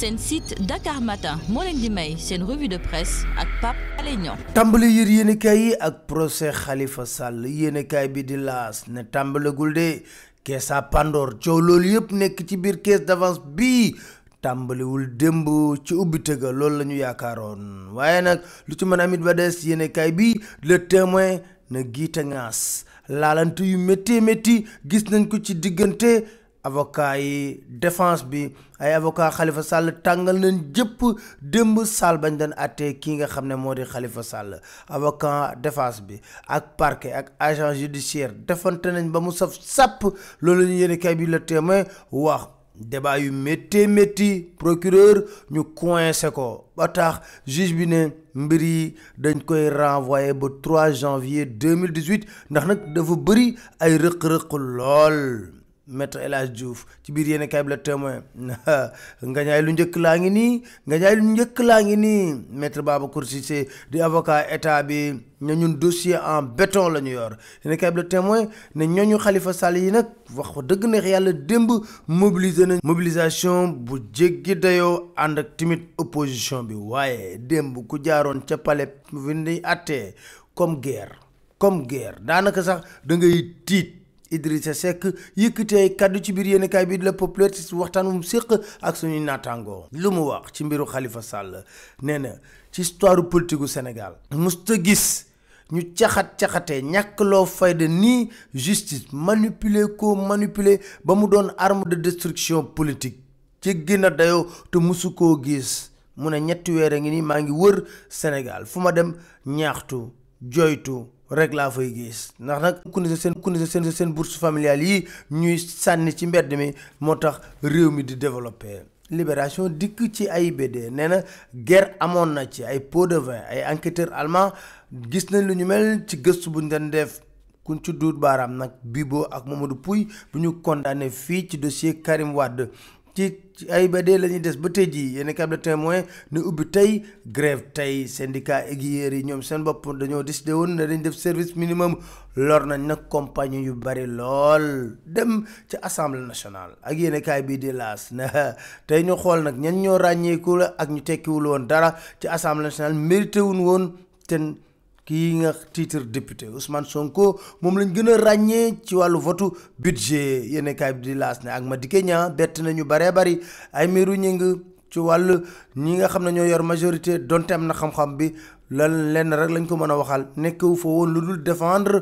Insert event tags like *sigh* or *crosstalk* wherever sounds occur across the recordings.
seen site Dakar Matin moo leen di may seen revue de presse ak Pape Alé tàmbali yër yéenekaay yi ak procès xalifa Sall yéenekaay bi di laas ne tàmbalagul de kees à Pandor loolu yëpp nekk ci biir caisse d'avance bi tàmbaliwul démb ci ubbite ga loolu la ñu yaakaaroon waaye nag lu ci mën amit ba des yéenekaay bi le témoin na giita ngaas laalante yu métti métti gis nañ ko ci diggante avocat yi défense bi ay avocat Khalifa Sall tàngal nañ jëpp démb Sall bañ doon àttee kii nga xam ne moo di Khalifa Sall avocat défense bi ak parquet ak agent judiciaire defante nañ ba mu saf sàpp loolu ñu yéene kay bi la témoin wax débat yu métti métti procureur ñu coincé ko ba tax juge bi ne mbir yi dañ koy renvoyé ba 3 janvier 2018 ndax nag dafa bëri ay rëq-rëq lool maître El Hadj ci biir yéen kaay bi la témoin *laughs* ngañaay lu njëkk laa ngi nii ngañaay lu njëkk laa ngi nii maître Babacar Cissé di avocat état bi ne ñun dossier en beton la ñu yor yéen kaay bi la témoin ne ñooñu Khalifa Sall yi nag wax ko dëgg neex yàlla démb mobiliser nañ mobilisation bu jéggi dayoo ànd ak timit opposition bi waaye démb ku jaaroon ca palais bi ni attee comme guerre comme guerre daanaka sax da tiit Idrissa Seck yëkkatee kàddu ci biir yéenekaay bi di la populaire ci waxtaan mu séq ak suñuy naataangoo lu mu wax ci mbiru xalifa Sall nee na ci histoire politiku gu Sénégal musta gis ñu caxat-caxatee ñàkk loo fayda nii justice manipuler ko manipuler ba mu doon arme de destruction politique ci gën a dayoo te musu koo gis mu ne ñetti weer a ngi nii maa ngi wër Sénégal fu ma dem ñaaxtu joytu rek laa fay gis ndax nag kunise seen kunise seen seen bourse familiale yi ñuy sànni ci mbedd mi moo tax réew mi di développé libération dikk ci AIBD nee na ger amoon na ci ay pots de vin ay enquêteurs allemands gis nañ lu ñu mel ci gëstu bu ñu doon def kuñ ci duut baaraam nag Bibo ak Mamadou Pouye bu ñu condamné fii ci dossier Karim Wade ci ay ba dee la ñuy des ba tey jii yéen a le témoin ne ubbi tey grève tey syndicat aiguilleurs yi ñoom seen bopp dañoo décidé woon ne dañ def service minimum lor nañ nag compagnie yu bari lool dem ci assemblée national ak yéen kaay bii di laas na *laughs* tey ñu xool nag ñan ñoo ràññeeku la ak ñu tekkiwul woon dara ci assemblée nationale mérité woon ten kii nga titre député Ousmane Sonko moom lañ gën a ràññee ci wàllu votu budget yéen kaay bi di laas na ak ma Madické Niang bett nañu baree bari ay miiru ñing ci wàll ñi nga xam ne ñoo yor majorité donte am na xam-xam bi lan lenn rek lañ ko mën a waxal nekkewu fa woon lu dul defendre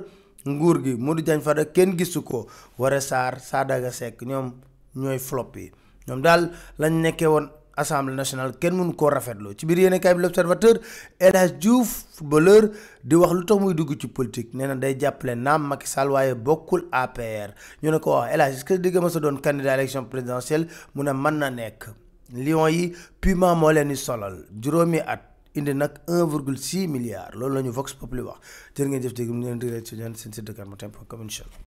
nguur gi Modou Diagne Fada kenn gisu ko Woré Sarr Sadaga Seck ñoom ñooy flop yi ñoom daal lañ nekkee woon assemblée nationale kenn mënu koo rafetloo ci biir yéen kaay bi l'observateur El Hadj Diouf footballeur di wax lu tax muy dugg ci politique nee na day jàppale naam Macky Sall waaye bokkul APR ñu ne ko wax El Hadj est-ce que digga ma sa doon candidat élection présidentielle mu ne mën na nekk Lions yi Puma moo leen di solal juróomi at indi nag 1,6 milliard loolu la Vox Populi wax jërë ngeen jëf dégg mu ngi leen di rek ci ñaan seen site